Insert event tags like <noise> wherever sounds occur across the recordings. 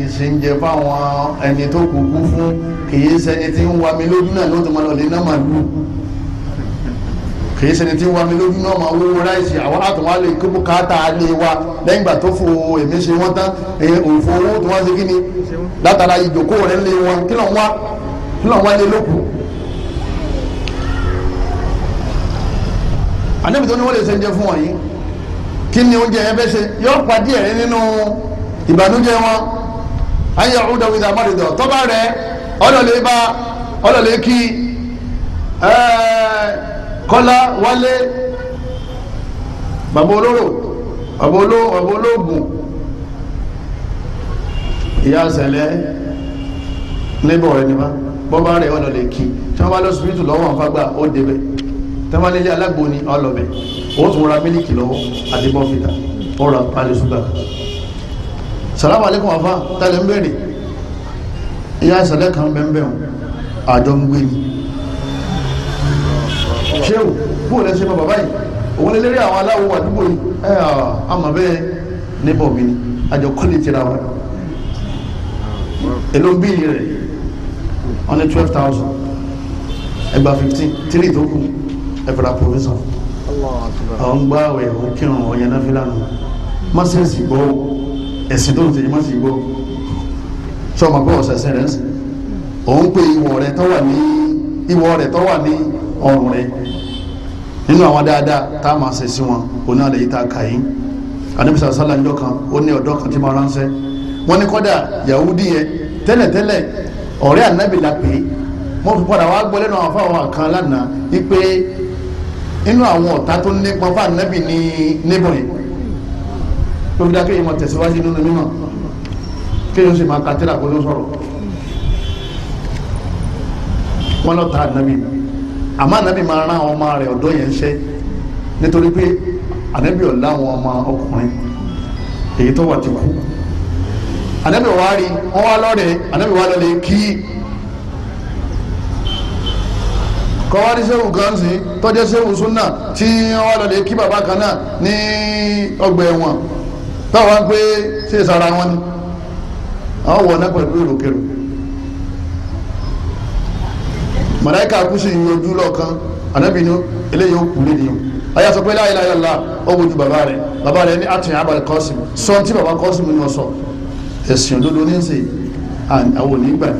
kì í ṣe ń jẹ fáwọn ẹni tó kúkú fún kì í tí ń wa mi lójú náà ló máa lọ lé náà máa lù kì í tí ń wa mi lójú náà máa wúwo ráìsì àwọn àtúnwá lè kó káàtà lè wa lẹ́yìn ìgbà tó fò èmi ṣe wọ́n tán òfò owó tó wọ́n ṣe kí ni látara ìjòkó rẹ̀ lé wọn kí lọ́n wá kí lọ́n wá lé lókù. àníbi tó ní wọ́n lè ṣe fún wọn yìí kí ni oúnjẹ yẹn fẹ́ ṣe yọ pàdé wọn ayé ọ̀hún dàwí ìdá mọ́rìndọ̀ tọ́ba rẹ̀ ọlọ́lẹ̀ bá ọlọ́lẹ̀ kí kọ́lá wálé bàbá olóró bàbá olóògùn ìyá sẹ̀lẹ̀ níbọ̀ rẹ̀ nípa bọ́ba rẹ̀ ọlọ́lẹ̀ kí tí wọ́n bá lọ síbítù lọ́wọ́ àfagbà ó débẹ̀ tí wọ́n bá lélẹ̀ alágbóni ọlọ́bẹ̀ ó tún ra mílíkì lọ́wọ́ àti bọ́fìtà ó ra pálí ṣúgà salamu alaikum afa tẹ́lẹ̀ ń bèèrè ìyá ìsẹ̀lẹ̀ kan bẹ́ẹ̀ àjọ ń gbé ni ṣéwù bóò lẹ́sẹ̀ mọ́ bàbá yìí òun lè lérí àwọn aláwọ̀ àdúgbò yìí ẹ̀ àmọ̀ bẹ́ẹ̀ níbọ̀ mi ni àjọ kọ́lé tira wọn èló ń bí rẹ̀ wọ́n ní twelve thousand ẹgbàá fifteen three tó kù ẹ̀fẹ̀rà provision àwọn gbá àwẹ̀ òkè ọ̀yẹ́ náà fi lánàá má sẹ́ẹ̀sì gbọ́ ọ́ ẹ̀sìn tó ń ṣe ìmọ̀sí gbó sọmọ pé ọ̀sẹ̀sẹ̀ rẹ̀ ń sìn òun pé ìwọ̀ rẹ̀ tó wà ní ìwọ̀ rẹ̀ tó wà ní ọrùn rẹ̀ nínú àwọn dáadáa tá a máa ṣe sí wọn òun náà lè yí tá a kà yín anamisa sálà ńjọ kan ó ní ọ̀dọ́ kan tí máa ránṣẹ́ wọ́n ní kọ́dà yahudi yẹn tẹ́lẹ̀tẹ́lẹ̀ ọ̀rẹ́ ànábì la pè é wọ́n fi padà wá gbọ́ lẹ́nu àwọn fáwọn kan lánàá wípé inú àwọn ọ̀tá tó ní pọn fún ànábì ní níbọn yìí tó fi dá kéèyàn máa tẹ̀síwájú nínú mímọ̀ kéèyàn sì máa ka tírà kó ló sọ̀rọ̀ wọn lọ ta ànábì àmọ́ ànábì máa rán àwọn ọmọ rẹ̀ ọ̀dọ́ yẹn ṣẹ́ nítorí pé ànábì ọ̀ láwọn ọmọ ọkùnrin èyí tó wà ti kú ànábì wá rí wọn wá lọ́rẹ̀ ànábì wá lọ́lẹ̀ kí kọ́wárí sẹ́wù kan tọ́jú sẹ́wù súnà tí wọ́n wá lọ́lẹ̀ kí bàbá kan náà ní ọgbà ẹ̀wọ̀n táwọn wá pé ṣé é sara wọn ni àwọn wọ̀ náà pẹ̀lú èròkèrò màláìka kú sí ìyọjú lọ́ọ̀kan ànábì ni eléyìí ó kú lé nìyẹn ayé sọ pé láyé láyé ọ̀la ó wojú bàbá rẹ̀ bàbá rẹ̀ ní àtúnyà abalẹ̀ kọ́sìm sọ tí bàbá kọ́sìm ni wọ́n sọ ẹ̀sìn òdodo ní sè àwọn òní gbà ní.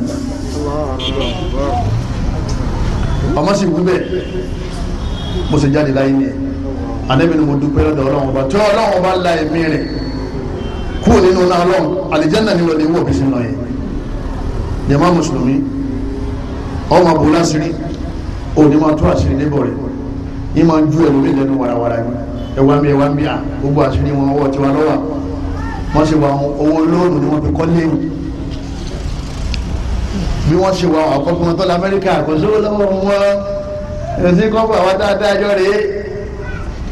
ọmọ sì wú bẹ́ẹ̀ mo sì jáde láyé ni ànábì ni mo dúpẹ́ lọ́dọ̀ ọlọ́run ọba tí ọlọ́run ọba la ẹ̀mí rẹ̀ kúrò nínú náà lọ́n àlìjẹ́nà nílò ní wọ́n bísí náà yẹn jàmá mùsùlùmí ọmọ bò lásìrí òní máa tó àṣírí níbọ̀ rẹ̀ ní máa ju ẹ̀rù mi lẹ́nu warawara yìí ẹ̀wá mi ẹ̀wá mi à gbogbo àṣírí wọn ọwọ́ tiwa lọ́wọ́ wọ́n ṣe wà owó lóònù ni wọ́n fi kọ́ léyìn bí wọ́n ṣe wà ọ̀kọ́kọ́ wọn tó la Amẹ́ríkà kò sówó lọ́wọ́ wọn ẹ̀sìn kọ́kọ́ àwọn dáadáa jọ rèé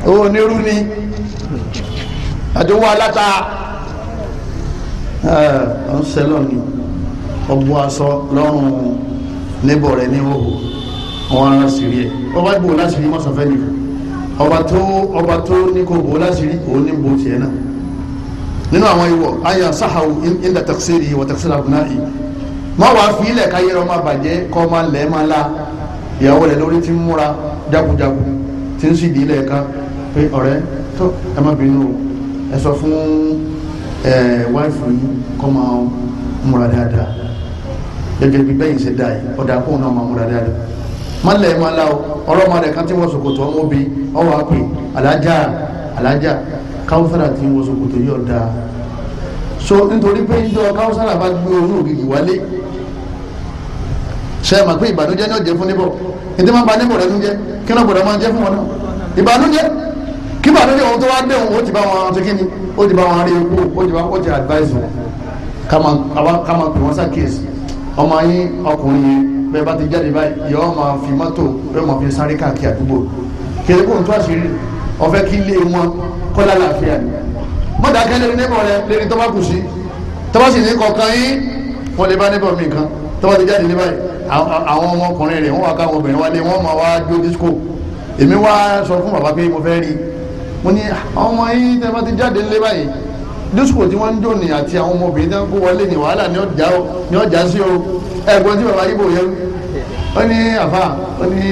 owó onírú ni àti owó aláta ọ̀n sẹ́lọ̀ ni ọ̀bù aṣọ lọ́rùn níbọ̀ rẹ̀ ní òhò wọn ara sì rí ẹ̀ ọba ìbò láti rí mọ́sàfẹ́ ni ọba tó ọba tó ní kò bò láti rí òun ní bò tiẹ̀ náà nínú àwọn ìwọ̀ ayé asáhàwò ìndà tàkìsírì wọ tàkìsírì àbùnà yìí má wàá fi ilẹ̀ káyé rẹ̀ ọmọ àbàjẹ́ kọ́ máa lẹ̀ máa la ìyàwó rẹ̀ lórí ti ń múra jagunjagun ti ń sì di ilẹ̀ ká pé ọ̀rẹ́ tó ẹ má bínú ẹ sọ fún wáìfù yín kọ́ máa múra dáadáa gẹ́gẹ́ bí bẹ́yìn ṣe dáa yìí ọ̀dà kóun náà máa múra dáadáa má lẹ̀ má la o ọ̀rọ̀ ọmọ rẹ̀ kan tí wọ́n ṣòkòtò ọmọ bí ọwọ́ àpè alájà alájà káwùsára tí wọ́n ṣòkòtò yìí ọ̀dà so nítorí pé ń jọ káwùsára bá gbé orun ògìgì wálé ṣe é ma pé ìbànújẹ́ náà jẹ́ fún níbọ̀ ètò máa ń ba níbọ̀ rẹ̀ ń jẹ́ kí náà gbọ́dọ̀ máa jẹ́ fún wọn náà ìbànújẹ́ kígbà tó dé ohun tó wá dé ohun ó ti bá wọn ṣe kí ni ó ti bá wọn rí epo ó ti bá wọn ti advise wọn ká máa pè wọn ṣàkíyèsí ọmọ yín ọkùnrin yẹn bẹ́ẹ̀ bá ti jáde báyìí yọọ máa fi mọ́tò yọọ máa fi sáré káàkiri àdúgbò kìlẹ̀ kó n tó àṣírí ọ̀fẹ́ kí lé wọn kọ́lá làáfíà ni mọ́tà kẹ́lẹ́ níbọ̀ rẹ lérí tọ́ba kù sí tọ́ba sì ní kọ̀ọ̀kan yín wọ́n lè bá níbọ̀ mi kan tọ́ba ti jáde ní báyìí àwọn ọmọkùnrin rẹ̀ wọ́n wà káwọn obìnrin wálé wọ́n máa wá jó disco èmi wá sọ fún bàbá pé mo fẹ́ rí i mo ní ọmọ yín tẹ́ bá ti jáde ńlẹ́ báyìí disco tí wọ́n ń jò ní àti àwọn ọmọbìnrin tí wọ́n kó wọlé ní wàhálà ní ọjà sí o ẹ̀gbọ́n tí bàbá yìí bò yẹ ní àfa ó ní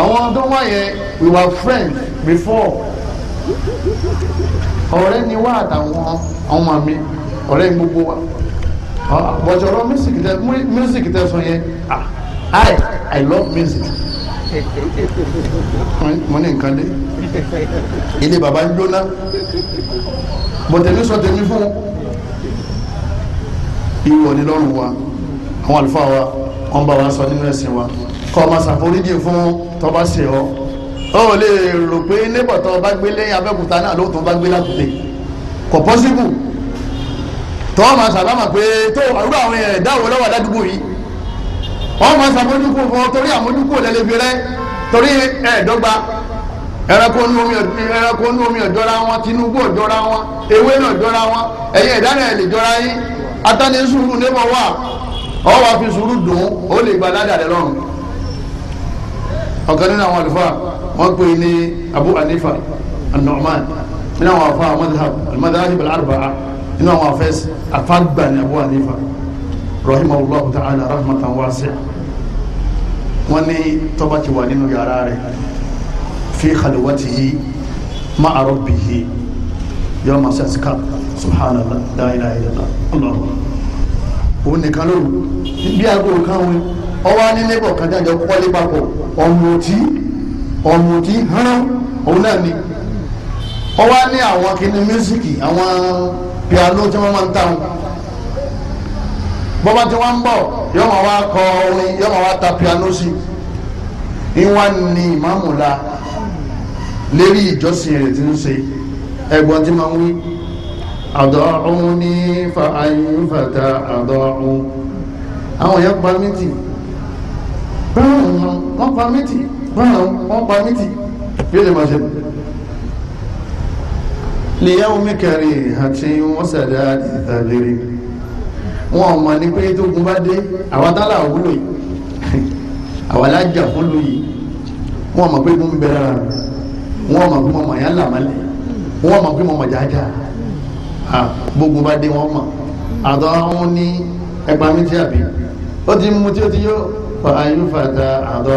àwọn tó wá yẹn we were friends before ọ̀rẹ́ ni wá àtàwọn ọmọ mi ọ̀rẹ́ gbogbo wa bọ̀jọ̀rọ̀ music tẹ sọ yẹn ah, i i love music wọ́n ní nǹkan dé ilé baba ń jóná bọ̀tẹ̀mí sọ tẹ̀mí fún ìwọ ni lọ́rùn wa àwọn àlùfáà wa wọ́n bá wa sọ nínú ẹ̀sìn wa kọ́ ọ ma ṣàforíjì fún tọ́ba ṣe ọ ó lè rò pé nígbà tó bá gbé lẹ́yìn abẹ́kúta náà lóòótọ́ bá gbé lákùtè kò pọ́sibù tọ́ ọ ma ṣàlámà pé tó àrùbá àwọn ẹ̀dá wo lọ́wọ́ àdádúgbò yìí. Ọ máa sàmójúkú fún ọ torí àmójúkú lẹ́lẹ́ fi rẹ́ torí ẹ̀ẹ́dọ́gba ẹranko nú omi ẹranko nú omi wọn tinubu ọ̀dọ́ra wọn ewé náà ọ̀dọ́ra wọn ẹ̀yẹ ìdáná ẹ̀ lè yín atani sùúrù wà ọ wà fi sùúrù dùn ó lè gba ládàá rẹ lọ́rùn. ọ̀kan nínú àwọn àlùfáà wọ́n pè ní Abu Hanifa an nínú àwọn àfa al rahimahullahu ta'ala rahmatan wasi'a wọ́n ní tọ́ba ti wà nínú yàrá rẹ̀ fi khalwatihi ma'a rabbihi yọ ma ṣe ṣika subhanallah la ilaha illallah allah òun nìkan ló bí aago kan wọn ọwọ́ anílẹ̀ bọ̀ kájà jọ kọ́lé papọ̀ ọ̀mùtí ọ̀mùtí hàn òun náà ni ọwọ́ ní àwọn kìnnìún mísíkì àwọn piano tí wọ́n máa ta bọ́bá tí wọ́n ń bọ̀ yọ máa wá kọ orin yọ máa wá ta piano sí i ìwọ́n ni ìmáàmù lérí ìjọsìn rẹ̀ ti ń ṣe ẹ̀gbọ́n tí máa ń wí. àdọ́ọ̀ni fa ayín fàtà àdọ́ọ̀hún àwọn èèyàn pa mí tì báwọn wọ́n pa mí tì báwọn wọ́n pa mí tì bí ó lè máa ṣe lèyàwó mi kẹrin àti wọ́n sàdá àti wọn ò mọ̀ ní pé tógun bá dé àwa tálà òwúlò yìí àwa lájà fún lu yìí wọn ò mọ̀ pé mo ń bẹ lára mi wọn ò mọ̀ pé mo mọ̀ yá làmálẹ̀ wọn ò mọ̀ pé mo mọ̀ jájá gbogbo bá dé wọn mọ̀ àtọ́ wọn ní ẹgbàá mi tí a ó ti mú tí ó ti yó fa ayúfàtà àtọ́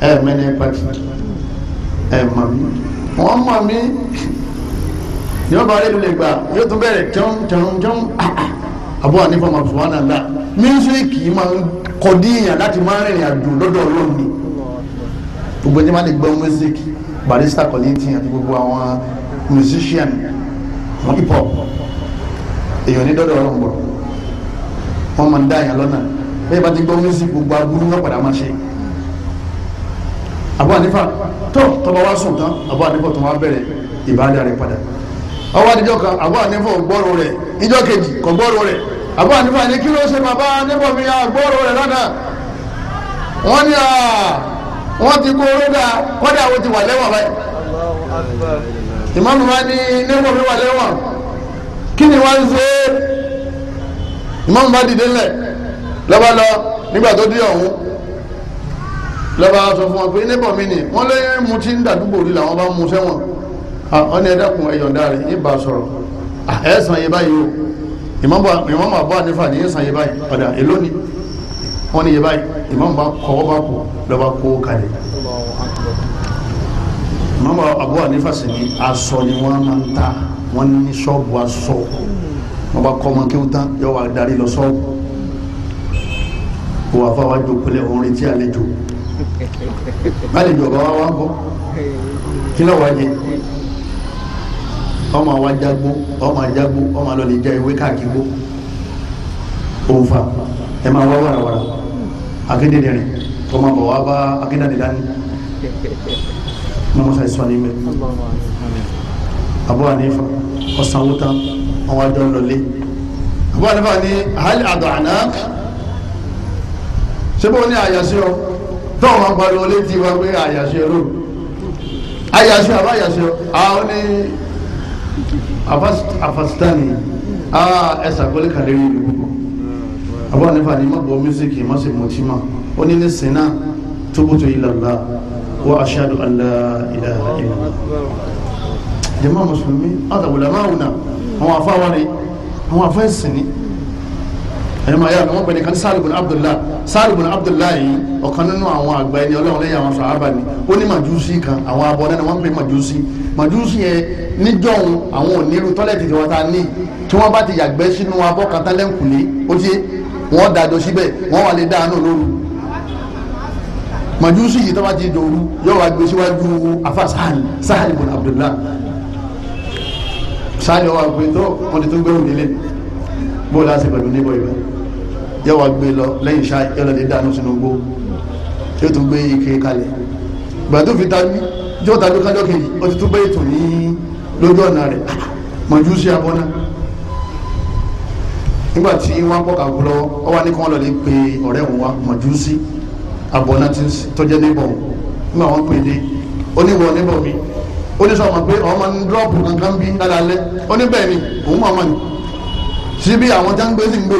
ẹ mẹ́ni pàtì ẹ mọ̀ mi wọ́n mọ̀ mi yóò bá rẹ̀ lulẹ̀ gbà yóò tún bẹ̀rẹ̀ jọ́n jọ́n jọ́n Abu Hanifa máa fún wa náà la mísíríkì máa ń kọ díyàn láti máa rìnrìn àjò lọ́dọ̀ Ọlọ́run ni gbogbo ẹni máa lè gbọ́ music barista kọ́lẹ́tì àti gbogbo àwọn musician hip hop èèyàn ní dọ́dọ̀ Ọlọ́run bọ̀ wọ́n máa ń dá yàn lọ́nà bẹ́ẹ̀ bá ti gbọ́ music gbogbo aburú náà padà máa ṣe Abu Hanifa tó tọba wá sùn tán Abu Hanifa tó wá bẹ̀rẹ̀ ìbáradà rẹ̀ padà ọwọ́ àdìjọ́ kan àbọ̀ ànífọ̀ gbọ́rọ̀ rẹ̀ ìjọ́ kejì kò gbọ́rọ̀ rẹ̀ àbọ̀ ànífọ̀ àní kí ló ṣe bàbá ànífọ̀ mi àgbọ́rọ̀ rẹ̀ lánàá wọ́n ní à wọ́n ti kó ródà kọ́dà àwọn ti wà lẹ́wọ̀n báyìí ìmọ̀mù wa ní nífọ̀ mi wà lẹ́wọ̀n kí ni wọ́n ń ṣe ìmọ̀mù bá dìde lẹ̀ lọ́ba lọ nígbà tó dé ọ̀hún lọ́ba sọ fún wọn pé níbọ̀ mi ni wọ́n lé mutí ń dàdúgbò rí làwọn bá mu sẹ́wọ̀n ọ̀nà ẹ̀dẹ́kun ẹ̀yọ̀ǹda rẹ̀ yìí bá sọ̀rọ̀ ẹ̀ san yẹ báyìí o ìmọ̀ bá bọ́ ànífà ní san yẹ báyìí ọ̀dà èló ni wọ́n ní yẹ báyìí ìmọ̀ bá kọ́wọ́ bá kù lọ́ba kó kalẹ̀ ìmọ̀ bá àbọ̀ ànífà sì ni aṣọ ni wọ́n máa ń ta wọ́n ní ṣọ́ọ̀bù aṣọ wọ́n bá kọ́ ọmọ kí wọ́n tán yọ wà darí lọ ṣọ́ọ̀bù wọ́n afọ àwọn àjòkulẹ̀ orin tí àlejò àlejò ọba wa wá ọmọ wa jágbó ọmọ jágbó ọmọ lọ lè já ewé káàkiri gbó òǹfà ẹ máa wá wàràwàrà akédèdè rìn kọ́ máa bọ̀ wá bá akédèdè dání mọ́mọ́sá ìsọ̀ní mi àbúrò ànífà ọ̀sán wúta àwọn àjọ ńlọlé àbúrò ànífà ní àhálì àdọ̀ àná ṣé bó ní àyàṣe ọ tó wọn pariwo wa pé àyàṣe rò àyàṣe àbá àyàṣe àwọn ní afasitani aa ah, ẹ sàgbọ́lé kàdérí ìlú púpọ̀ àbúrò nípa ni má gbọ́ mísíkì má sì mọtí má ó ní ní sinna tóbótó ìlàlá wa ashadu an la ilaha illallah jàmáà mùsùlùmí àtàwùlà máa wùnà àwọn afáwárí àwọn afẹ́sìn ni ẹ̀yọ́ máa yára wọ́n pẹ̀lú kan Sa'ad ibn Abdullah Sa'ad ibn Abdullah yìí ọ̀kan nínú àwọn àgbà ẹni ọlọ́run lẹ́yìn àwọn sàhábà ni ó ní màjúsí kan àwọn abọ́ náà wọ́n pè màjúsí màjúsí yẹn níjọ́hun àwọn onírú tọ́lẹ̀tì tiwọn ta ní tí wọ́n bá ti yàgbẹ́ sínú abọ́ kan tán lẹ́ǹkùlé ó ti wọ́n dàjọ síbẹ̀ wọ́n wà lè dáhánù lóru màjúsí yìí tó bá ti dòru yóò wá gbé síwájú afa Sa'ad Sa'ad ibn Abdullah Sa'ad wà pé tó wọ́n ti tún gbẹ́rù nílé bó láti pẹ̀lú yóò wá gbé lọ lẹ́yìn ṣá yóò lọ lè dànù sínú gbó yóò tún gbé ike kalẹ̀ ìgbà tó fi ta ní jọ́ ta ló kájọ́ kejì ó ti tún gbé ètò ní lójú ọ̀nà rẹ̀ mọ̀jú sí abọ́ná nígbà tí wọ́n pọ̀ kàwé lọ ọ wá ní kí wọ́n lọ lè pe ọ̀rẹ́ òun wa mọ̀jú sí abọ́ná tó jẹ́ níbọ̀ nígbà wọ́n pè dé ó níbọ̀ mi ó ní sọ ma pé ọmọ ní dúrọ́ọ̀pù kankan bí lálẹ́ ó ní bẹ́ẹ̀ ni òun mọ̀ ọmọ ni síbi àwọn jáǹgbé sì ń gbé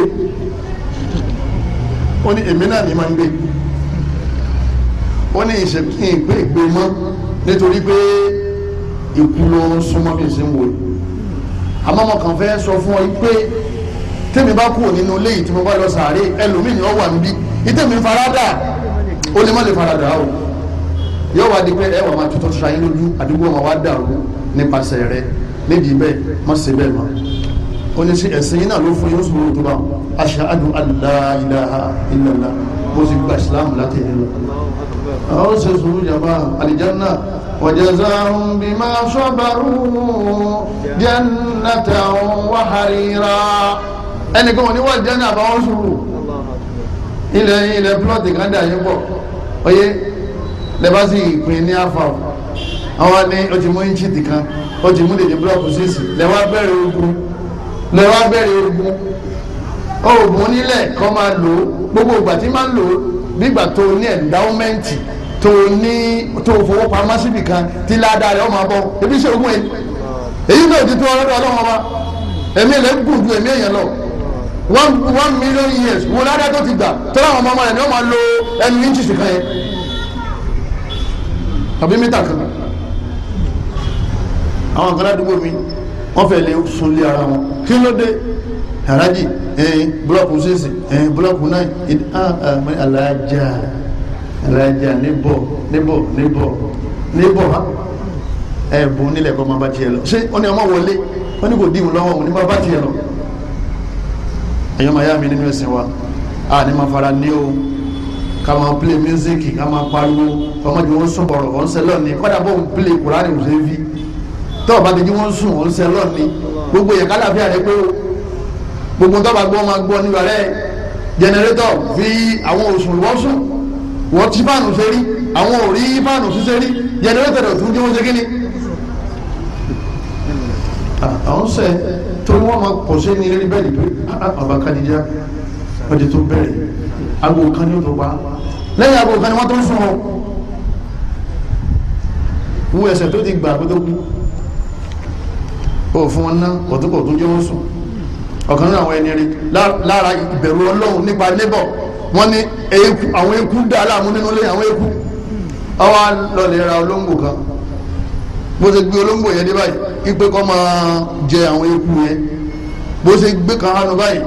ó ní èmi náà ní máa ń gbé ó ní ìṣèkí ìgbé ìgbé mọ́ nítorí pé ikú ló ń súnmọ́ bí ṣe ń wò àmọ́ mo kàn fẹ́ sọ fún ọ pé tèmi bá kúrò nínú ilé yìí tí mo bá lọ sàárè ẹlòmíì ni wà níbí ìtẹ̀mí faradà ó lè má lè faradà o yóò wá di pé ẹ wà máa tuntun ṣayé lójú àdúgbò máa wá dàrú nípasẹ̀ rẹ nídìí bẹ́ẹ̀ má ṣe bẹ́ẹ̀ mọ́ ó ní sí ẹ̀sìn yìí náà ló fún yóò sùúrù tó bá ashhadu an la ilaha illallah mo sì gba ìsìlámù láti ẹ̀yìn lọ. àwọn ṣe sùúrù jàmbá àlìjánná wa jazahum bima sabaru jannatan wa harira ẹnìkan wọn ni wọ́n jẹ́ náà báwọn sùúrù ilẹ̀ ilẹ̀ plọ́ọ̀tì kan dà pọ̀ oyé lẹ́bàásì ìpín ní afa àwọn ni ó ti mú inchit kan ó ti mú dèjì búlọ́ọ̀kù sísì lẹ́wọ́ abẹ́rẹ́ ogun lẹ wá bẹ̀rẹ̀ ogun oògùn nílẹ̀ kọ́ máa lò ó gbogbo ìgbà tí máa ń lò ó bígbà tó ní ẹ̀ndáwọ́mẹ́ǹtì tó ní tó fowópamọ́ síbi kan tí ládàá rẹ̀ ó máa bọ̀ ebi ṣe ogun yìí èyí náà ti tó ọlọ́dọ̀ ọlọ́wọ́n wa ẹ̀mí ẹ̀ gùn ju ẹ̀mí èèyàn lọ one one million years wo ládàá tó ti gbà tó láwọn ọmọ ọmọ rẹ̀ ni wọ́n máa lo ẹnu inches kan yẹn tàbí mítà kan àwọn kan ládùúgbò mi wọ́n fẹ́ lè sunlé ara wọn kí ló dé àrájì ẹ̀yìn búlọ́ọ̀kù sísì ẹ̀yìn búlọ́ọ̀kù náà ah, ah, alájà alájà níbọ̀ níbọ̀ níbọ̀ níbọ̀ ẹ̀bùn nílẹ̀ kọ́ máa bá tiẹ̀ lọ ṣé wọ́n ní ọmọ wọlé wọ́n ní kò dìbò lọ́wọ́ òun ní máa bá tiẹ̀ lọ. ẹ̀yọ́ máa yá mi nínú ẹ̀sìn wa a ní máa fara ní o ká máa play music ká máa pariwo ọmọ jù wọ́n sún bọ̀rọ̀ wọ́n sẹ́lọ̀ ní kọ́dà bóun play kùránì òṣèlú tọ́ọ̀ bá ti jí wọ́n sùn wọ́n ń sẹ́ lọ́ọ̀ni gbogbo yẹn kálàfíà rẹ pé o gbogbo tọ́ọ̀ bá gbọ́ máa gbọ́ nígbà rẹ jẹnẹrétọ̀ fi àwọn òsùn ìwọ́sùn wọ́n ti fáànù sórí àwọn ò rí fáànù sí sórí jẹnẹrétọ̀ rẹ̀ tún jí wọ́n ṣe kí ni. àwọn sẹ tó wọn máa pọ̀ sí ní rí bẹ́ẹ̀ lè bàbá kadìjà wọ́n ti tó bẹ̀rẹ̀ agbo kan ní o tó pa lẹ́yìn agbo kan o fún wọn ná kòtún kòtún jẹ́ wọ́n sùn ọ̀kan nínú àwọn ẹni rí lára ìbẹ̀rù ọlọ́run nípa lébọ̀ wọ́n ní àwọn eku dá láàmú nínú ilé àwọn eku ọwọ́ lọ́ọ̀lẹ́ ra olóńgbò kan bó ṣe gbé olóńgbò yẹn dé báyìí ipe kọ́ máa àwọn eku yẹn bó ṣe gbé kan hánu báyìí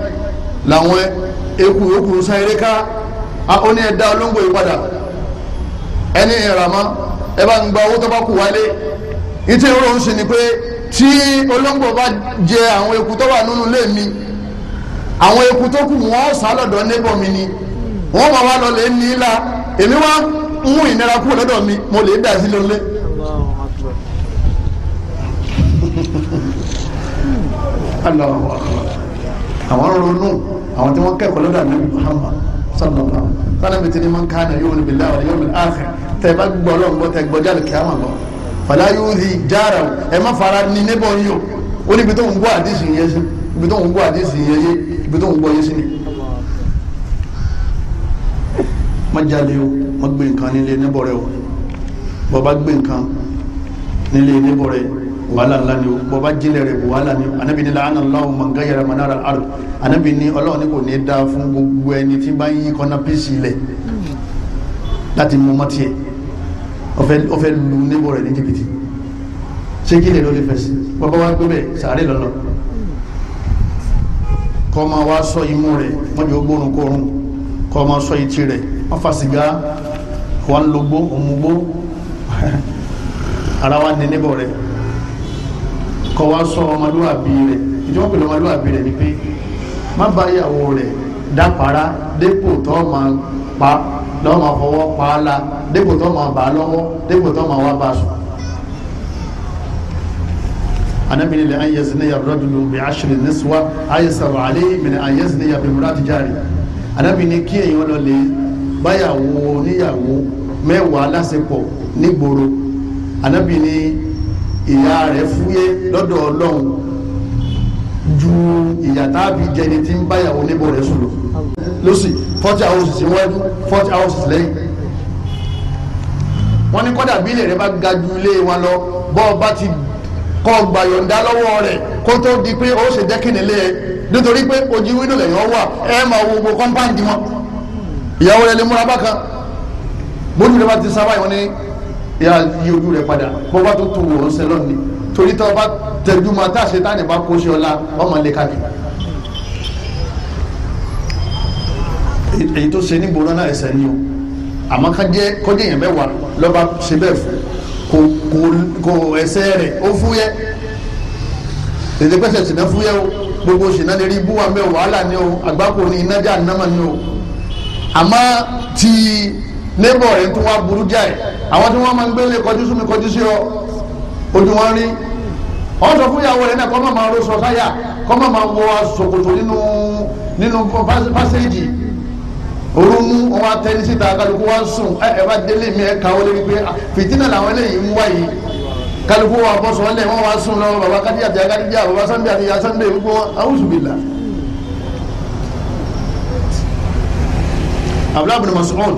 làwọn eku yòókù ń ká ó ní ẹ dá olóńgbò yìí padà ẹni ẹ bá ń gba owó tó bá kù wálé tí olóńgbò bá jẹ àwọn eku tó wà nínú ilé mi àwọn eku tó kù wọ́n sá lọ́dọ̀ nébọ̀ mi ni wọ́n máa wá lọ lè ní í èmi wá mú ìnira kúrò lọ́dọ̀ mi mo lè dà sí lónìí àwọn ronú àwọn tí wọ́n kẹ́kọ̀ọ́ lọ́dọ̀ ànábì Muhammad sallallahu alaihi ni man kana yu'minu billahi wal yawmil akhir tẹ bá gbọ́ lọ́ngbọ́ tẹ gbọ́jà lè kí á wọn lọ fàlà yóò di jára ẹ má fara ní níbọ̀ yín o ó ní ibi tó ń gbọ́ àdìsí yẹn sí ibi tó ń gbọ́ àdìsí yẹn yé ibi tó ń gbọ́ yẹn sí ni. má jáde o má gbé nǹkan nílé níbọ̀ rẹ o bọ́ba gbé nǹkan nílé níbọ̀ rẹ wàhálà ńlá ni o bọ́ba jílẹ̀ rẹ̀ wàhálà ni o anabi ni laana Allahu man gayyara manara al-ard anabi ni ọlọ́run ni kò ní dáa fún gbogbo ẹni tí bá ń yí kọ́nà píìsì lẹ̀ láti mú mọ́tì yẹn ọfẹ́ lu níbọ̀ rẹ̀ ní jìbìtì ṣé kí lè ló lè fẹ̀sí bàbá wa gbé bẹ́ẹ̀ sàárè lọ́lọ́ kọ́ máa wá sọ imú rẹ̀ wọ́n jẹ́ gbórun kórun kọ́ máa sọ etí rẹ̀ wọ́n fa sìgá wọ́n lo gbó òmùgbó <laughs> ara wa ní níbọ̀ rẹ̀ kọ́ wá sọ ọmọlúwàbí rẹ̀ ìjọba pẹ̀lú ọmọlúwàbí rẹ̀ ni pé má bá ìyàwó rẹ̀ dápara dépò tó máa pa lọ́ọ́ máa fọwọ́ pa á la dépò tó máa bà á lọ́wọ́ dépò tó máa wá bá a sùn. anabini le an yazini ya rajulu bi ashiri niswa ayisaru ale mini an yazini ya bimura tijari anabini kí èèyàn lọ lè báyàwó níyàwó mẹ́wàá lásìkò nígboro anabini ìyá rẹ̀ fúyẹ́ lọ́dọ̀ Ọlọ́run ju ìyá tábí jẹni tí ń báyàwó níbo rẹ̀ sùn lọ lọsì forty hours síwájú forty hours lẹ́yìn wọ́n ní kọ́dà bí ilé rẹ bá ga ju ilé wọn lọ bọ́ ọ bá ti kọ́ ọgbà yọ̀ǹda lọ́wọ́ rẹ̀ kó tó di pé ó ṣe dẹ́kìnì lé ẹ nítorí pé ojú wíńdò lẹ́yìn ọwọ́ ẹ máa wo gbogbo kọ́ńpáǹdì wọn ìyàwó rẹ lè múra bákan bójú rẹ bá ti sábà yìí wọ́n ní yà yí ojú rẹ padà bọ́ bá tó tu wò ó ṣe lọ́nìí torí tó bá tẹ̀jú ma tá a ṣe táni bá kó ṣe ọ̀la ọmọ lè ká èyí tó ṣe nígboro náà ẹsẹ̀ ni o àmọ́ kọjá èèyàn mẹ́wàá lọ́ba ṣe bẹ́ẹ̀ fún kò ẹsẹ̀ rẹ̀ ó fúyẹ́ tètè pẹ́sẹ̀ sìnà fúyẹ́ o gbogbo sìnà lè rí búwa mẹ́ wàhálà ni o àgbákò ni iná jà nàmà ni o àmọ́ ti nébọ̀ rẹ̀ tó wá burú jáì àwọn tí wọ́n máa ń gbélé kọjú sí mi kọjú sí ọ ojú wọn rí wọ́n sọ fún ìyàwó rẹ̀ náà kọ́ máa máa ro sọ sáyà kọ́ máa máa wọ ṣòkòtò nínú nínú fásẹ́jì orúmú wọn wá tẹ́lí síta kálukú wá sùn ẹ bá délé mi ẹ kàwé lórí pé ah, fìtínà làwọn eléyìí ń wá yìí kálukú wa bọ́ sọ lẹ́ wọn wá sùn lọ baba kadija àti akadija baba sanbi àti yasanbe gbogbo awusubila. abdullahi bin masoud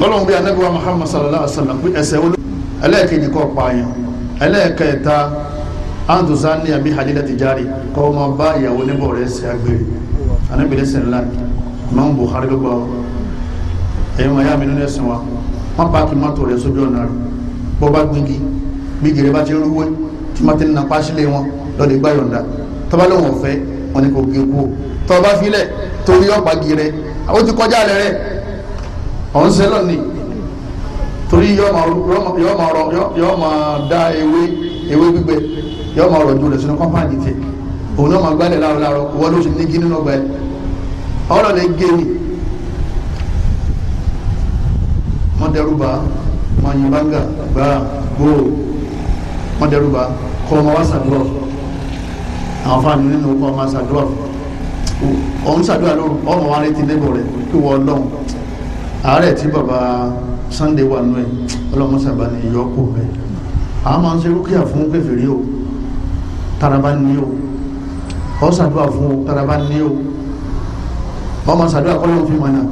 lọ́lọ́run bí anabi wa muhammad sallallahu alaihi wa sallam pé ẹsẹ̀ wọlé ẹlẹ́ẹ̀kejì kọ́ pààyàn ẹlẹ́ẹ̀kẹta antuzani abi hajjada tijari kọ́ ọmọ bá ìyàwó níbọ̀ rẹ̀ sí agbèrè anabi lẹ́sẹ̀ ńlá ni. Imam Bukhari ló gbà ẹ̀yin wọn yá mi nínú ẹ̀sìn wa wọn paaki mọ́tò rẹ̀ sójú ọ̀nà rẹ̀ bọ́ bá gbingi bí gèrè bá ti rúwé tí má ti nà pàṣílẹ̀ wọn lọ́dẹ̀ gbá yọ̀ǹda tọ́ba fẹ́ wọn ni kò gé kú tọ́ba filẹ̀ torí ọ̀pá gèrè ó ti kọjá lẹ̀ rẹ̀ ọ̀hún sẹ́lọ̀ ni torí yọ́ọ̀ máa da ewé ewé gbígbẹ yọ́ọ̀ máa rọ̀jú rẹ̀ sínú kọ́mpáàdì tiẹ̀ òun náà máa gbálẹ̀ láàrọ̀ wọ́n ló ti ní gí nínú ọgbà ẹ̀ ọ̀rọ̀ lè gé ni wọ́n dẹ́rùbà wọ́n yin bánga gbà gbòò wọ́n dẹ́rùbà kọ́ ọmọ wa sàdúrà àwọn fáànù nínú kọ́ ọmọ sàdúrà òun sàdúrà lóru ọmọ wa retí débò rẹ kí wọ́n lọ́hùn àárẹ̀ tí bàbá Sunday wà nù ẹ̀ ọlọ́mọ sábà ní ìyọ́kù rẹ̀ àwọn máa ń ṣe rúkìá fún kèfèrí o taraba ní o ọ̀sàdúrà fún o taraba ní o ọmọ sàdúrà kọ́ lóun fi mọ̀ náà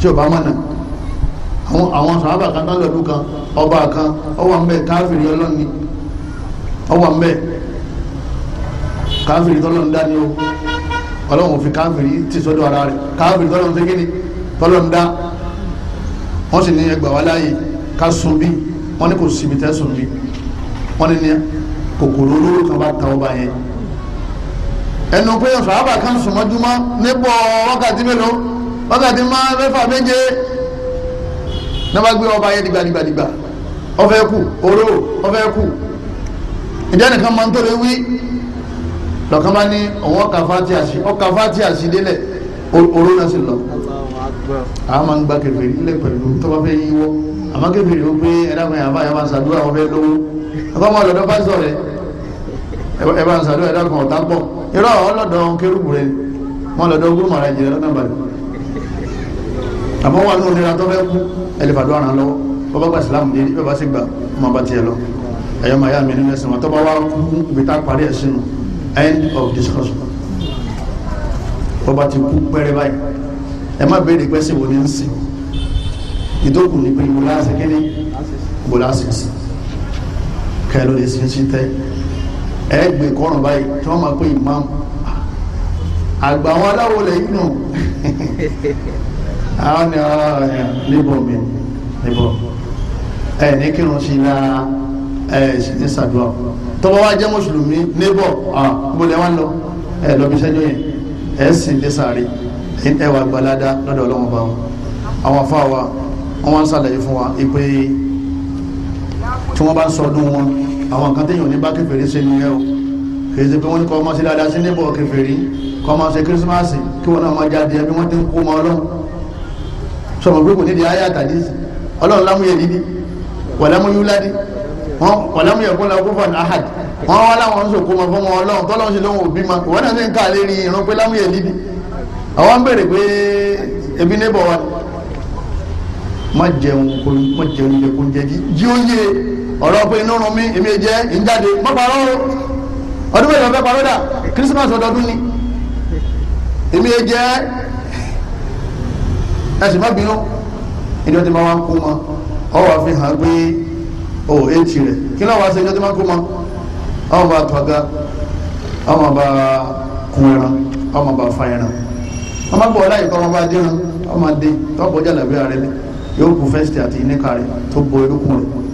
tí ò bá mọ̀ náà àwọn àwọn sàábà kan tán lọ́dún kan ọba kan ọwọ́ mbẹ́ káfìrí ọlọ́ni ọwọ́ mbẹ́ káfìrí tọ́lọ́n dá ni o ọlọ́run fi káfìrí ti sọ́dọ̀ ara rẹ̀ káfìrí tọ́lọ́n ṣe kíni tọ́lọ́n dá wọ́n sì ní ẹgbà wá láàyè ká sun bí wọ́n ní kò síbi tẹ́ sun bí wọ́n ní kòkòrò olóró kan bá ta ọba yẹn ẹnu pé sàhábà kan sùn mọ́júmọ́ nípò wákàtí mélòó wákàtí má mẹ́fà méje náà bá gbé ọba yẹn dìgbàdìgbàdìgbà ọfẹ kù oró ọfẹ kù ìjẹ́ nìkan máa ń tó lé wí lọ́kàn bá ní òun ọkà fati àṣì ọkà fati àṣì délẹ̀ oró náà sì lọ. àwọn máa ń gba kẹfìrí nílẹ̀ pẹ̀lú tó bá fẹ́ yíwọ́ àmọ́ kẹfìrí ó pé ẹ̀dá kan yàrá yàrá máa ń ṣàdúrà wọn fẹ́ lówó àbámọ́ ọ̀dọ́dọ́ pásítọ̀ rẹ̀ ẹ bá ń sàdúrà ẹ̀dá kan ọ̀tá pọ̀ irọ́ ọlọ́dọ̀ kérúbù rẹ wọn lọ́dọ̀ ogún mọ̀ra ìjìnlẹ̀ lọ́nà balẹ̀ àmọ́ wọn lóun nira tó fẹ́ kú ẹlẹ́fàdó àràn lọ́wọ́ bọ́bá gba ìsìlámù dé bẹ́ẹ̀ bá sì gbà ọmọ bá tiẹ̀ lọ ẹ̀yọ́ màá yá mi nínú ẹ̀sìn wọn tó bá wá kú gbèta parí ẹ̀ sínú end of discussion bọ́bá ti kú pẹ́rẹ́ báyìí ẹ má béèrè pẹ́sì wo ni ń sìn ìdókùn ní pé ìbò láàṣẹ kíní ẹgbẹ́ kọ́rùn báyìí tí wọ́n máa pé imam àgbà àwọn aláwọ̀ lẹ́yìn nù <laughs> àwọn ni ah, níbọ̀ mi níbọ̀ ẹ ní kírun sí la ẹ ní sàdúrà tọ́wọ́ wa jẹ́ mùsùlùmí níbọ̀ gbọ́dọ̀ wọn lọ ẹ lọ́bi sẹ́jọ́ yẹn ẹ sì ń dé sáré ẹ wà gbalada lọ́dọ̀ ọlọ́wọ́n bá wọn àwọn afọ àwa wọn wá ń sàlàyé fún wa pé tí wọ́n bá ń sọdún wọn àwọn nǹkan téèyàn ní bá kèfèrí ṣe nìyẹn o kìí ṣe pé wọ́n ní kọ́ ọmọ sí dáadáa sí níbọ̀ kèfèrí kọ́ ọmọ sí kírísímàsì kí wọ́n náà máa jáde ẹbí wọ́n ti ń kó ọmọ ọlọ́run sọmọ pé kò ní di ayé àtàdé ọlọ́run lámúyẹ dídí wàlámúyú ládí wàlámúyẹ kó la kófà náhàd wọn wá láwọn ń sòkó ma fọmọ ọlọ́run tọ́lọ́run ṣe lóhùn òbí ma ìwọ náà sì ń ká lé rí irun pé lámúyẹ dídí àwọn ń bèrè pé ebi níbọ̀ wa má jẹun kó má jẹun jẹ kó jẹ jí jí ó yé ọ̀rọ̀ pé inú rún mi èmi jẹ́ ìjáde mọ́ parọ́ o ọdún mélòó fẹ́ parọ́ dà kírísímàsì ọdọọdún ni èmi jẹ́ ẹ̀sìn má bínú ìjọ tí ma wá ń kú mọ́ ọ wà hàn pé o èjì rẹ̀ kí ló wá sí ìjọ tí ma ń kú mọ́ ọmọ bá tọ́gá ọmọ bá kun ẹran ọmọ bá fa ẹran ọmọ bọ̀ ọláyè kọ́ ọmọ bá dín ọmọ dé tọ́pọ̀ jàlábí ààrẹ yóò kú fẹ́sítì àti ìníkà rẹ̀ tó bo irúkún rẹ̀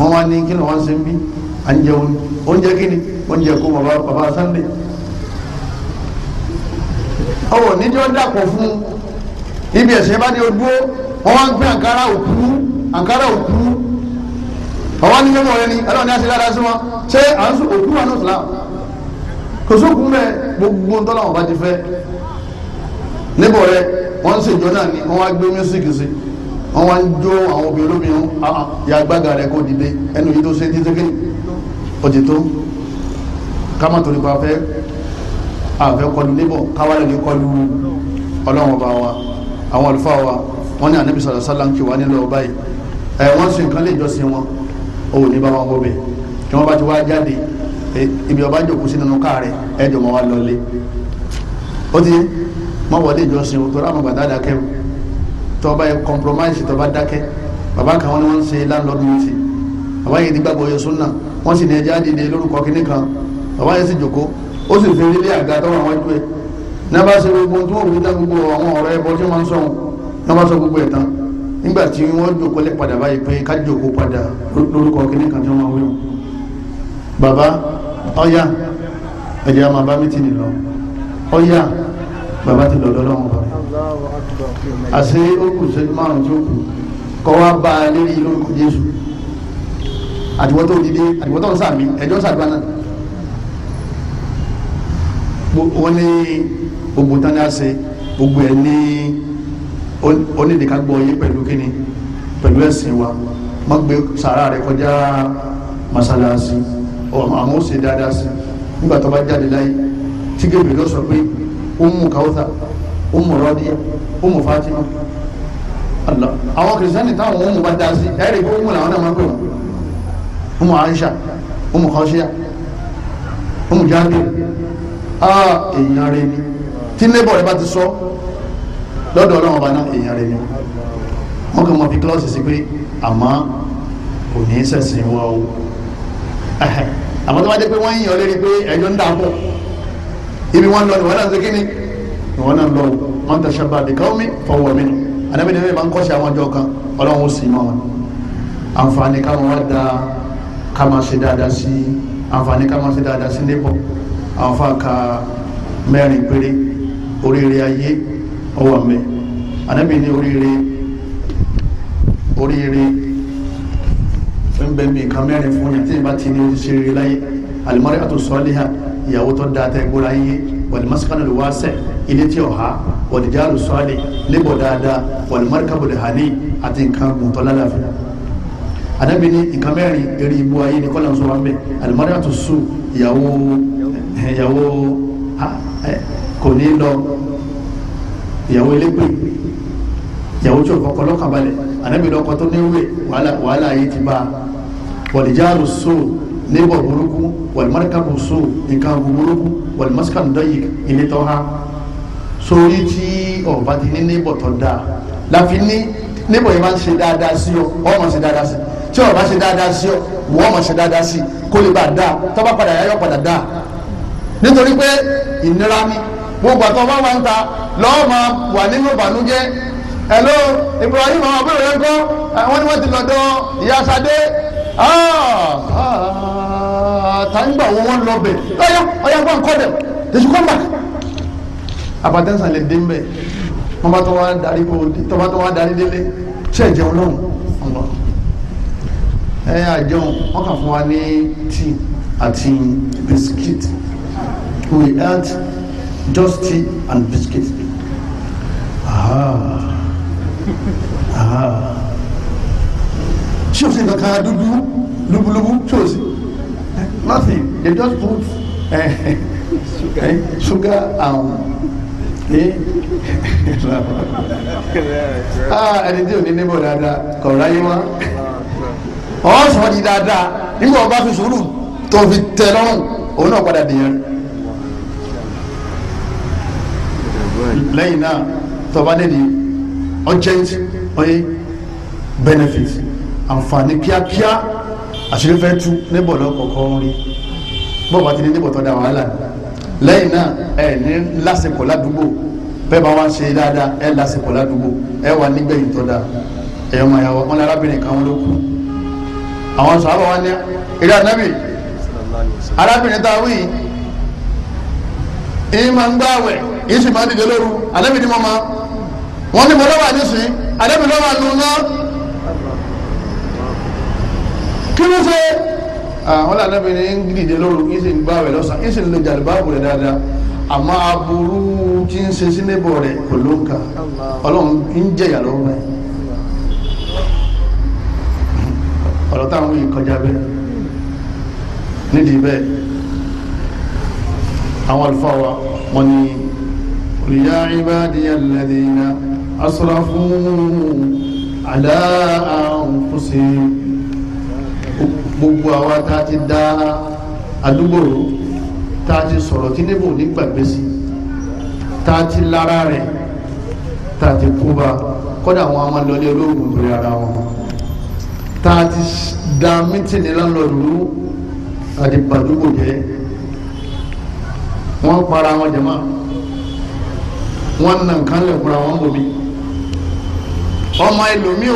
wọn wá ní kí ni wọn ṣe ń bí à ń jẹun oúnjẹ kí ni oúnjẹ kó bàbá bàbá Sunday ọwọ níjọ dàpọ̀ fún ibi ẹ̀sẹ̀ bá ní odúró wọn wá ń gbé àǹkárá òkú àǹkárá òkú ọwọ́ ní mímọ́ rẹ ni ọlọ́run ní àṣírí adáṣí wọn ṣé à ń sọ òkú wà ní Islam kò sókun bẹ́ẹ̀ gbogbo ń tọ́lá wọn bá ti fẹ́ níbọ̀ rẹ wọ́n ń ṣèjọ náà ni wọ́n wá gbé mísíkì sí i wọ́n wá ń jó àwọn obìnrin olóbìnrin ah, ah, ìyàgbága rẹ̀ kò dìde ẹnu yìí tó ṣe títí kí ó ti tó kámá torí pa fẹ́ àfẹ́ kọlu níbọ̀ káwálẹ̀ ní kọlu ọlọ́run ọba wa àwọn àlùfáà wa wọ́n ní ànábì sọ̀rọ̀ sálà ń kí wa nílò ọba yìí ẹ̀ wọ́n sì nǹkan lè jọ́sìn wọn ò ní bá wọn bọ̀ bẹ́ẹ̀ tí bá ti wá jáde ibi ọba jòkó sí nínú káà rẹ̀ ẹ̀ jọ̀ mọ́ wa lọ́lé ó ti mọ́ wọlé ìjọsìn òtò rámọ̀ bàtà dákẹ́wò tọba yẹ compromise tọba dákẹ́ baba kan wọn ni wọn landlord meeting baba yẹ ti gbàgbọ́ yẹsùn náà wọn sì ní ẹja dìde lórúkọ kínní kan baba yẹ sì jókòó ó sì fi ilé àga tọwọ àwọn ẹjọ ẹ náà bá ṣe gbogbo tí wọn wí dá gbogbo àwọn ọ̀rọ̀ ẹbọ tí wọn sọ wọn náà bá sọ gbogbo ẹ tán nígbà tí wọn jókòó lẹ padà báyìí pé ká jókòó padà lórúkọ kínní kan tí wọn wí wọn baba ọyà ẹjẹ àmàbá meeting lọ ọyà bàbá ti lọ́dọ́ lọ́wọ́ rẹ̀ àṣẹ okùn ṣẹ́jú márùn tí ó kù kọ́ wá bá a lérí lórúkọ Jésù àtiwọ́tò dídé àtiwọ́tò sàmì ẹjọ́ sàdúrà náà wọ́n ní gbogbo tán ní àṣẹ gbogbo ẹ̀ ní onídìíkagbọ̀ yé pẹ̀lú kíni pẹ̀lú ẹ̀sìn wa má gbé sàrà rẹ̀ kọjá masalasi àwọn ó ṣe dáadáa sí nígbà tó bá jáde láyé tí gèbè lọ sọ pé umu kawusa umu rọdíà umu fatima àwọn kìrìsìtẹ́nì táwọn umu bá dá sí ẹ̀rí pé umu làwọn náà máa ń pè wọ́n umu aisha umu kọ́ṣíà umu jáde ah èèyàn rẹ ni tí lébọ̀ rẹ bá ti sọ lọ́dọ̀ ọlọ́run ọba náà èèyàn rẹ ni wọ́n kàn mọ́ fi kílọ́ọ̀sì sí pé àmọ́ kò ní sẹ̀sìn wọ́n o àmọ́ tó bá dé pé wọ́n yíyan lérí pé ẹ̀yọ́ ń dà pọ̀ ibi wọn lọ nìwọ náà ṣe kíni nìwọ náà lọ wọn tẹ ṣẹba àdìkàwọmi fọwọmi àdàbí ni wọn bá ń kọ́ sí àwọn ọjọ́ kan ọlọ́run ó sì mọ́ wọn àǹfààní káwọn wá da ká máa ṣe dáadáa sí àǹfààní ká máa ṣe dáadáa sí níbọ̀ àwọn fàáka mẹ́rin péré oríire ayé ọwọ́ mi àdàbí ni oríire oríire ń bẹ mi kan mẹ́rin fún yàtí ìbá ti ní oṣù ṣe rí láyé àlùmọ́rí àtòsọ́ọ́lì hàn ìyàwó tó da tẹ́ gbóra yín wal maskanu wase ilé tí ọ̀há wal jaru sọ́ọ̀lì lébọ̀ dáadáa wal markabu hani àti nǹkan gbọ̀ntọ́ lálàáfíà anabi ni nǹkan mẹ́rin eré ibu ayé ni kọ́lá ń sọ wọn bẹ́ẹ̀ alimariyatu su ìyàwó eh, ìyàwó eh, kò ní lọ ìyàwó elégbè ìyàwó tí o kọ́kọ́ lọ́kàn balẹ̀ anabi lọ́kọ́ tó níwèé wàhálà ayé ti bá wọ̀lìjáàrú sóò lébọ̀ burúkú wàlímárìkàbù so nǹkan àbù burúkú wàlímásíkàbù dọ́yì ilé tọ́ ha sórí tí ọba ti ní lébọ̀ tọ́ da láfi ní lébọ̀ yìí máa ń ṣe dáadáa sí ọ ọ máa ṣe dáadáa sí tí ọba ṣe dáadáa sí ọ wọ́n máa ṣe dáadáa sí kó lè bá dáa tọ́ba padà yáyọ̀ padà dáa nítorí pé ìnira ni gbogbo àtọ́ bá wà ń ta lọ́ọ́ wà nínú ìbànújẹ́ hello Ibrahim àwọn abúlé rẹ ń kọ́ wọ́n ní wọ́n ti lọ́dọ̀ ìyá sadé ah ah nígbà wọn wọn lọ bẹ ọyá ọyá wọn kọ dẹ èsì kọ mbà àbátẹ́sán lè dé mbẹ wọn bá tó wọn darí kó tó bá tó wọn darí délé tí ẹ jẹun lọ́hùn ọ̀nà ẹ àjẹun wọn kà fún wa ní tea àti bisikíìtì we ate just tea and biscuit. Ah. Ah. ṣé o ṣe kankan dúdú lúbúlúbú ṣé o ṣe nothing. They just put uh, sugar. Uh, sugar and eh, <laughs> ah, ẹni tí ò ní níbò dáadáa kọ̀ ráyé wá ọ̀ sọ di dáadáa nígbà ọba fi sùúrù tó fi tẹ lọ́rùn òun náà padà dìyẹn lẹ́yìn náà tọba lè di urgent oye benefit àǹfààní kíákíá àṣírí fẹ́ tú níbọ̀ lọ́kọ̀ọ̀kọ́ rí bọ́ọ̀ bá ti ní níbọ̀ tó da wàhálà lẹ́yìn náà ẹ ní lásìkò ládùúgbò bẹ́ẹ̀ bá wá ṣe dáadáa ẹ lásìkò ládùúgbò ẹ wà nígbẹ̀yìn tó da ẹ̀yọ́ máa yà wọ́n wọn arábìnrin kan wọn ló kú àwọn sọ̀rọ̀ wọn ní eré anábì arábìnrin tá a wí yìí máa ń gbáwẹ̀ yìí sì máa dìde lóru anábì ni mo máa wọ́n ní mo lọ́wọ́ àdìsí anábì lọ́wọ́ àlùmọ́ kí ló ṣe àwọn làdàbí ni ń dìde lóru yín sì ń gbà wẹ̀ lọ́sàn yín sì ń lo jàdùbáàbò rẹ̀ dáadáa àmọ́ aburú tí ń ṣe sí níbọ̀ rẹ̀ kò ló ń ka ọlọ́run ń jẹ̀yà lọ́rùn rẹ̀ ọ̀rọ̀ táwọn yìí kọjá bẹ́ẹ̀ nídìí bẹ́ẹ̀ àwọn àlùfáà wa wọ́n ní olùyá ibadiya alladhina asrafu ala anfusihim gbogbo àwa tá a ti dá àdúgbò rú tá a ti sọ̀rọ̀ tí níbo nígbàgbé sí tá a ti lára rẹ̀ tá a ti kú bá kọ́dà àwọn amalọ́lé olóògùn lórí ara wọn tá a ti da mítìnì lọ́lọ́rù àti gbàdúgbò jẹ́ wọ́n para wọn jẹ̀mọ́ wọ́n nà nǹkan lẹ̀ fúnra bòbí ọmọ ẹlòmíì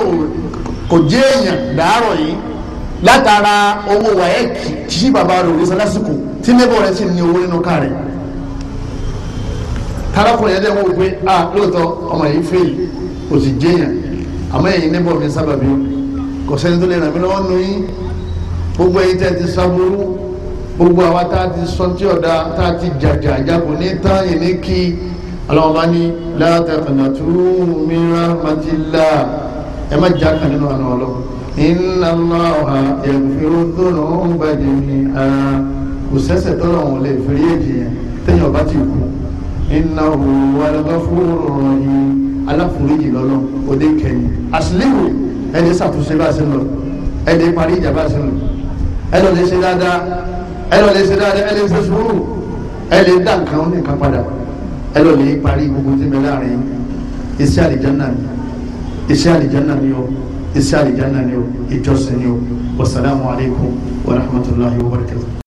kò jẹ́ èèyàn dàárọ̀ yìí látara owó wáyẹ́ẹ̀kì tí bàbá rẹ̀ òrìṣà lásìkò tí nẹ́bọ̀ rẹ̀ sì ní owó nínú ká rẹ̀ yẹn dẹ́ pé a ah, lóòótọ́ ọmọ yìí fèyí kò sì jẹ́yàn àmọ́ ẹ̀yin nẹ́bọ̀ mi sábàbí kò sẹ́ni tó lè ràn mí lọ́wọ́ nù yín gbogbo ẹ̀yin tẹ́ ti sábúrú gbogbo àwa tá a ti sọ tí ọ̀dà tá a ti jàjà àjàkù ní tán yìí ní kí aláwọ̀ bá ní látàkànà tó mìíràn máa ti là ẹ má jà kàn nínú àná ọlọ́run inna Allaha yaghfiru dhunuba jami'a kò sẹ́sẹ̀ tọ́lọ̀ wọn lè fèrè èjì yẹn téèyàn bá ti kú innahu wal ghafurur rahim aláforíjì lọ́lọ́ òde kẹyìn àsìlẹ́wò ẹ̀dẹ́ ṣàtúnṣe bá a ṣe ń lọ ẹ̀dẹ́ parí ìjà bá a ṣe ń lọ ẹ̀dọ̀ lè ṣe dáadáa ẹ̀dọ̀ lè ṣe dáadáa ẹ̀dẹ́ ṣe sùúrù ẹ̀dẹ́ dá nǹkan ó nìkan padà ẹ̀dọ̀ lè parí gbogbo tí mẹ́ láàrin iṣẹ́ àlìjánnà mi iṣẹ́ àlìjánnà mi o. إساء جنة نيو إجوس نيو والسلام عليكم ورحمة الله وبركاته